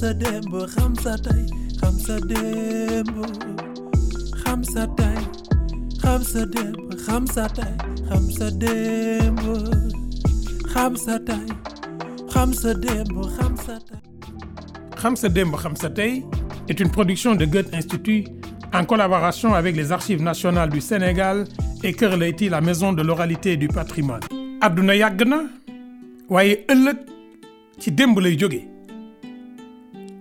sa démb xam sa tey sa démb xam sa tey xam une production de Goethe Institut en collaboration avec les Archives nationales du Sénégal et Kër Leyti la maison de l'oralité et du patrimoine. àdduna yàgg na waaye ëllëg ci démb lay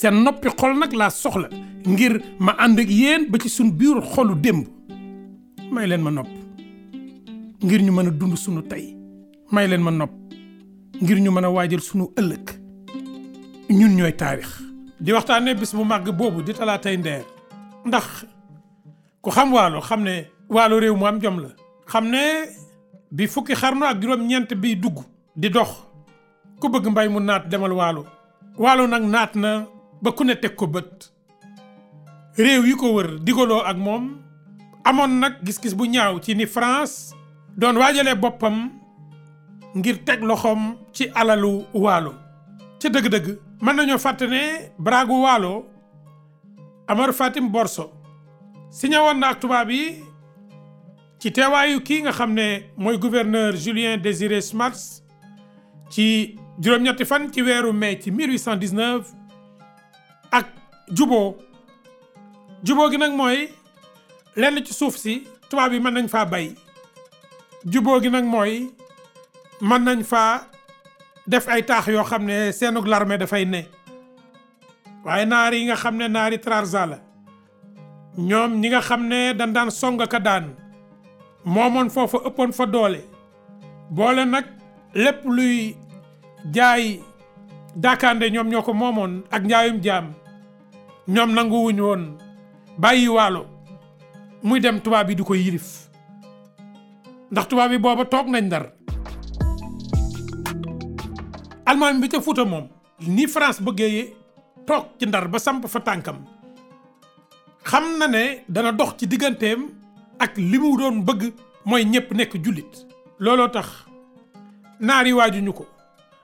seen noppi xol nag laa soxla ngir ma ànd ak yéen ba ci suñ biir xolu démb may leen ma nopp ngir ñu mën a dund sunu tey may leen ma nopp ngir ñu mën a waajal sunu ëllëg ñun ñooy taarix. di waxtaanee bis bu màgg boobu di talaatay ndeer ndax ku xam waalo xam ne waalo réew mu am jom la. xam ne bi fukki xarnu ak juróom-ñeent biy dugg. di dox ku bëgg mbay mu naat demal waalo. waalo nag naat na ba ku ne teg ko bët réew yi ko wër digaloo ak moom amoon nag gis-gis bu ñaaw ci ni France doon waajalee boppam ngir teg loxoom ci alalu waalo ca dëgg-dëgg mën nañoo fàtte ne bragu waalo Amar Fatim Borso si woon na ak tubaab yi ci teewaayu kii nga xam ne mooy gouverneur Julien Désiré Smars ci juróom-ñetti fan ci weeru mai ci 1819 juboo juboo gi nag mooy lenn ci suuf si tubaab yi mën nañ faa bay juboo gi nag mooy mën nañ faa def ay taax yoo xam ne seenug larme dafay ne waaye naar yi nga xam ne naari trarza la ñoom ñi nga xam ne dañ daan song ka daan moomoon foofa ëppoon fa doole boole nag lépp luy jaay daakaande ñoom ñoo ko moomoon ak njaayum jaam ñoom nanguwuñu woon bàyyi waalo muy dem tubaab yi du ko yilif ndax tubaab bi booba toog nañ ndar almaami bi ca Fuuta moom ni France bëggee toog ci ndar ba samp fa tànkam xam na ne dana dox ci digganteem ak li mu doon bëgg mooy ñëpp nekk jullit looloo tax naari waajuñu ko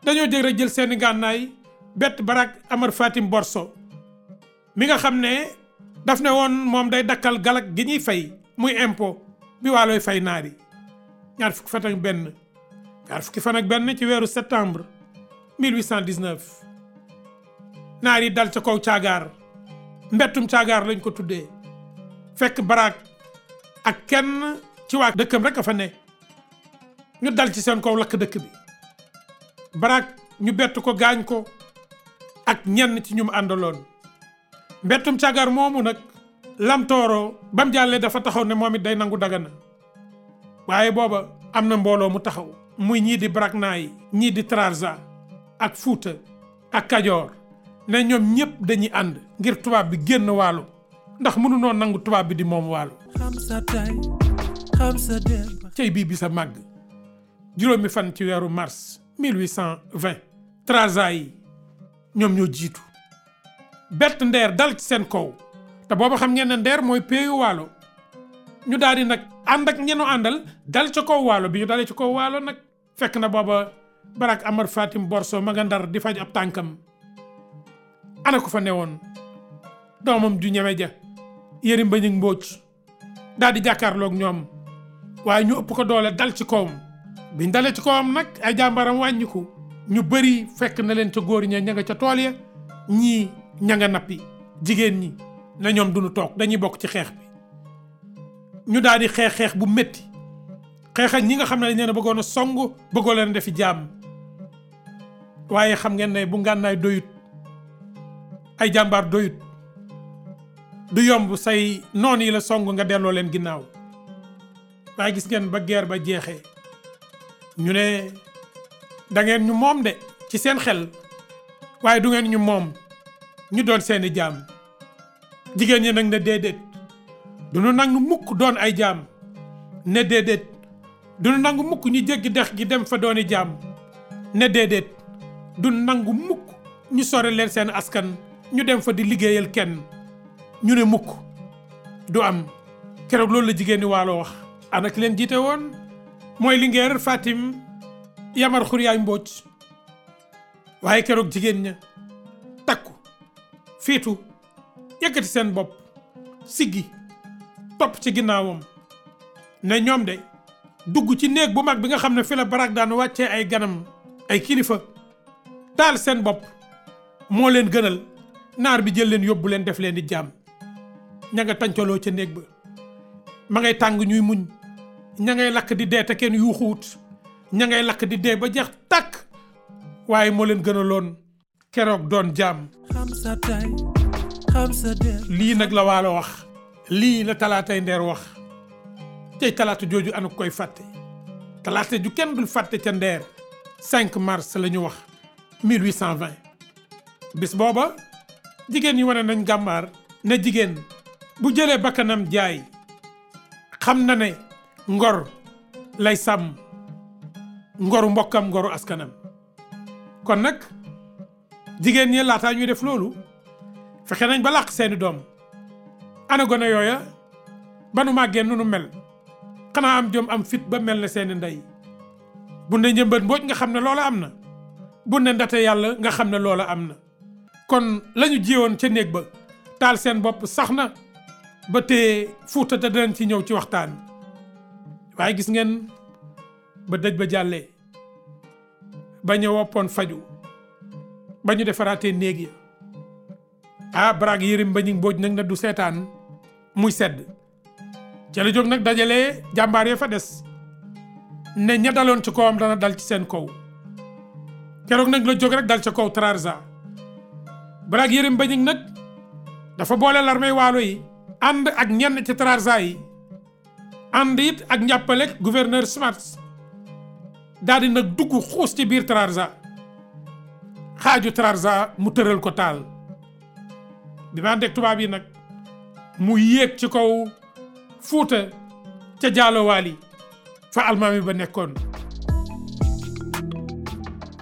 dañoo jég rek jël seeni gànnaay bett barak Amar Fatim Borso mi nga xam ne daf ne woon moom day dakkal galak gi ñuy fay muy impo bi waalooy fay naar yi ñaar fukki fan benn ñaar fukki fan benn ci weeru septembre 1819 naar yi dal ca kaw caagaar mbettum caagaar lañ ko tuddee fekk baraak ak kenn ci waa dëkkam rek a fa ne ñu dal ci seen kaw lakk dëkk bi baraag ñu bett ko gaañ ko ak ñenn ci ñu mu àndaloon mbettum cagar moomu nag lamtooro bam jàllee dafa taxaw ne moom it day nangu dagana waaye booba am na mbooloo mu taxaw muy ñii di Brakna yi ñii di Trarza ak Fuuta ak Kajoor ne ñoom ñépp dañuy ànd ngir tubaab bi génn waalo ndax mënu nangu tubaab bi di moom waalo cey bii bi sa màgg juróomi fan ci weeru mars 1820 Trarza yi ñoom ñoo jiitu bett ndeer dal ci seen kaw te booba xam ngeen ne ndeer mooy péeyu waalo ñu daal di nag ànd ak ñenu àndal dal ci kaw waalo bi ñu dalee ci kaw waalo nag fekk na booba Barak Amar Fatim Borso ma nga ndar di faj ab tànkam ana ko fa ne woon doomam ju ñeme ja yërim bañ mbóoj daal di jàkkaarloog ñoom waaye ñu ëpp ko doole dal ci kawam biñ dalee ci kawam nag ay jàmbaram wàññiku ñu bari fekk na leen ca góor ña ña nga ca tool ya ñii ñanga nga nappi jigéen ñi na ñoom duñu toog dañuy bokk ci xeex bi ñu daal di xeex xeex bu metti xeex ñi nga xam ne dañ leen bëggoon a song bëggoo leen defi jaam waaye xam ngeen bu ngànnaay doyut ay jàmbaar doyut du yomb say noon yi la song nga delloo leen ginnaaw waaye gis ngeen ba geer ba jeexee ñu ne dangeen ngeen ñu moom de ci seen xel waaye du ngeen ñu moom ñu doon seeni jaam jigéen ñi nag ne déedéet duñu nangu mukk doon ay jaam ne déedéet duñu nangu mukk ñu jéggi dex gi dem fa dooni jaam ne déedéet duñu nangu mukk ñu sore leen seen askan ñu dem fa di liggéeyal kenn ñu ne mukk du am keroog loolu la jigéen ñi waalo wax ana leen jiite woon mooy Linguère Fatim Yamar Xuryaay Mbóoj waaye keroog jigéen ña fiitu yëkkati seen bopp siggi topp ci ginnaawam ne ñoom de dugg ci néeg bu mag bi nga xam ne fi la barak daan wàccee ay ganam ay kilifa taal seen bopp moo leen gënal naar bi jël leen yóbbu leen def leen di jaam ña nga tàncaloo ca néeg ba ma ngay tàng ñuy muñ ña ngay lakk di dee te kenn yuuxuwut ña ngay lakk di dee ba jeex tàkk waaye moo leen gënaloon keroog doon jàmm lii nag la waalo wax lii la talaatay ndeer wax tey talaata jooju anu koy fàtte talaata ju kenn dul fàtte ca ndeer 5 mars la ñu wax 1820 bis booba jigéen ñi wane nañ gàmmaar ne jigéen bu jëlee bakkanam jaay xam na ne ngor lay sàmm ngoru mbokkam ngoru askanam kon nag jigéen ñi laataa ñuy def loolu fexe nañ ba làq seeni doom ana gone yooya ba nu màggee nu nu mel xanaa am jom am fit ba mel na seeni ndey bu ne njëmbat mbooj nga xam ne loola am na bu ne ndate yàlla nga xam ne loola am na kon lañu jiwoon ca néeg ba taal seen bopp sax na ba te fuuta te danañ ci ñëw ci waxtaan waaye gis ngeen ba dëj ba jàllee ba ñu woppoon faju ba ñu defaraatee néeg ya ah Barack Yérim Mbañik Mbooj nag na du seetaan muy sedd ca jóg nag dajale jàmbaar ya fa des ne ña ci kawam dana dal ci seen kaw keroog nag la jóg rek dal ca kaw Trarza Barack Yérim Mbañik nag dafa boole l'armée waalo yi ànd ak ñenn ci Trarza yi ànd it ak njàppale gouverneur Smarts daal di nag dugg xuus ci biir Trarza xaaju Trarza mu tëral ko taal bi ma ànd ak tubaab yi nag mu yéeg ci kaw Fuuta ca Jaalowaali fa almaami ba nekkoon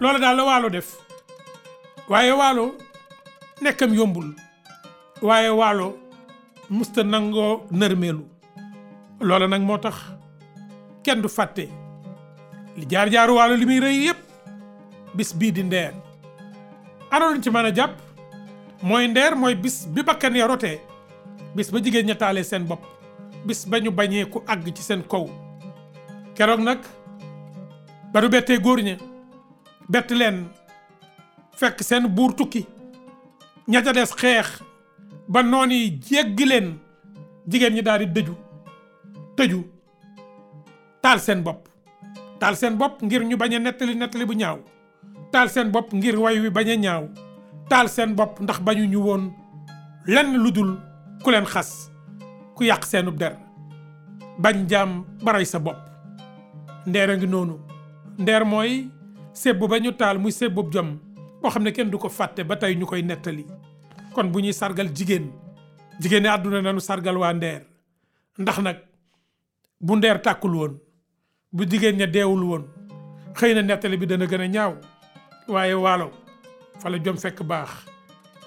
loolu daal la waalo def waaye waalo nekkam yombul waaye waalo musta nangoo nërmeelu loola nag moo tax kenn du fàtte li jaar jaaru waalo limuy muy rëy yépp bis bii di ndeer anoon ci mën a jàpp mooy ndeer mooy bis bi bakkan ya bis ba jigéen ña taalee seen bopp bis ba ñu bañee ku àgg ci seen kaw keroog nag ba du bettee góor ña bett leen fekk seen buur tukki ña ca des xeex ba noon yi jéggi leen jigéen ñi daal di dëju tëju taal seen bopp taal seen bopp ngir ñu bañ a nettali nettali bu ñaaw taal seen bopp ngir way wi bañ a ñaaw taal seen bopp ndax bañuñu woon lenn lu dul ku leen xas ku yàq seenub der bañ jaam baray sa bopp ndeer a ngi noonu ndeer mooy sébbu ba ñu taal muy sébbub jom boo xam ne kenn du ko fàtte ba tey ñu koy nettali kon bu ñuy sargal jigéen jigéen ñi àdduna nanu sargal waa ndeer ndax nag bu ndeer tàkkul woon bu jigéen ña deewul woon xëy na nettali bi dana gën a ñaaw waaye waalo fa la jom fekk baax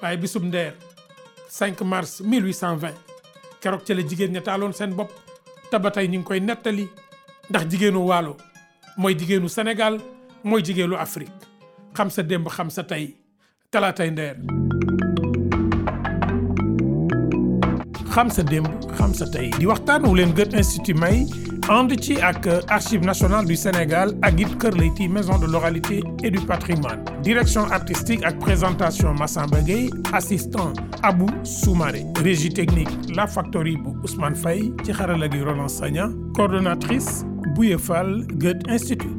waaye bisub ndeer 5 mars 1820 keroog ca la jigéen ña taaloon seen bopp te ba tey ñu ngi koy nettali ndax jigéenu waalo mooy jigéenu senegal mooy jigéenu Afrique xam sa démb xam sa tey talaatay ndeer xam sa démb xam sa tey di waxtaan leen Goethe Institut may ànd ci ak archives national du Sénégal ak it Kër Leyti maison de l'oralité et du patrimoine direction artistique ak présentation Massamba Gueye assistant Abou Soumaré régie technique La Factory bu Ousmane Faye ci xarala gi Roland Sagna coordonnatrice Bouye Fall Institut